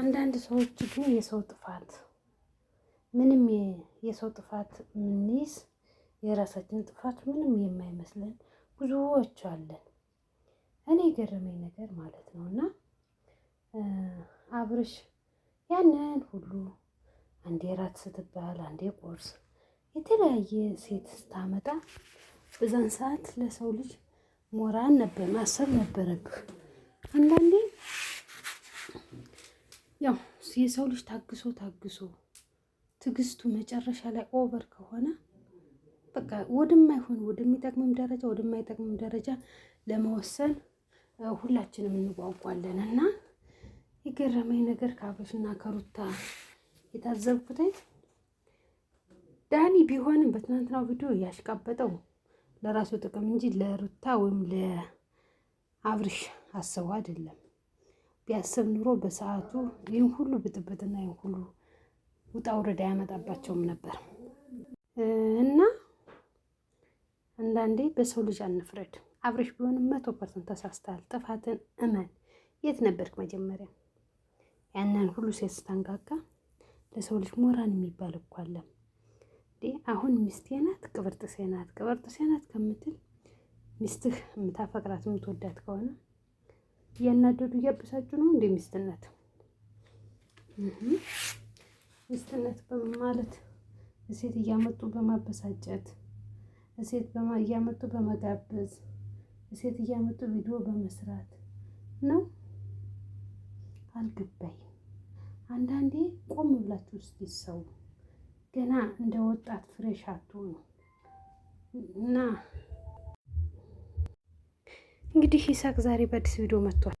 አንዳንድ ሰዎች ግን የሰው ጥፋት ምንም የሰው ጥፋት የምንይዝ የራሳችን ጥፋት ምንም የማይመስለን ብዙዎች አለን። እኔ የገረመኝ ነገር ማለት ነው እና አብርሽ ያንን ሁሉ አንዴ ራት ስትባል፣ አንዴ ቁርስ፣ የተለያየ ሴት ስታመጣ በዛን ሰዓት ለሰው ልጅ ሞራን ነበር ማሰብ ነበረብህ አንዳንዴ ያው የሰው ልጅ ታግሶ ታግሶ ትግስቱ መጨረሻ ላይ ኦቨር ከሆነ በቃ ወደማይሆን ወደሚጠቅምም ደረጃ ወደማይጠቅምም ደረጃ ለመወሰን ሁላችንም እንጓጓለን እና የገረመኝ ነገር ከአብርሽና ከሩታ የታዘብኩትኝ ዳኒ ቢሆንም በትናንትናው ቪዲዮ ያሽቃበጠው ለራሱ ጥቅም እንጂ ለሩታ ወይም ለአብርሽ አስበው አይደለም። ቢያስብ ኑሮ በሰዓቱ ይህን ሁሉ ብጥብጥና ይህን ሁሉ ውጣ ውረድ አያመጣባቸውም ነበር እና አንዳንዴ በሰው ልጅ አንፍረድ። አብረሽ ቢሆንም መቶ ፐርሰንት ተሳስተሃል። ጥፋትን እመን። የት ነበርክ መጀመሪያ? ያንን ሁሉ ሴት ስታንጋጋ ለሰው ልጅ ሞራን የሚባል እኮ አለ። አሁን ሚስቴ ናት፣ ቅብርጥሴ ናት፣ ቅብርጥሴ ናት ከምትል ሚስትህ የምታፈቅራት የምትወዳት ከሆነ እያናደዱ እያበሳጩ ነው እንዴ? ሚስትነት ሚስትነት ማለት እሴት እያመጡ በማበሳጨት እሴት እያመጡ በመጋበዝ እሴት እያመጡ ቪዲዮ በመስራት ነው። አልገባኝም። አንዳንዴ ቆም ብላችሁ ውስጥ ይሰው ገና እንደ ወጣት ፍሬሽ አትሆኑ እና እንግዲህ ይሳቅ ዛሬ በአዲስ ቪዲዮ መጥቷል።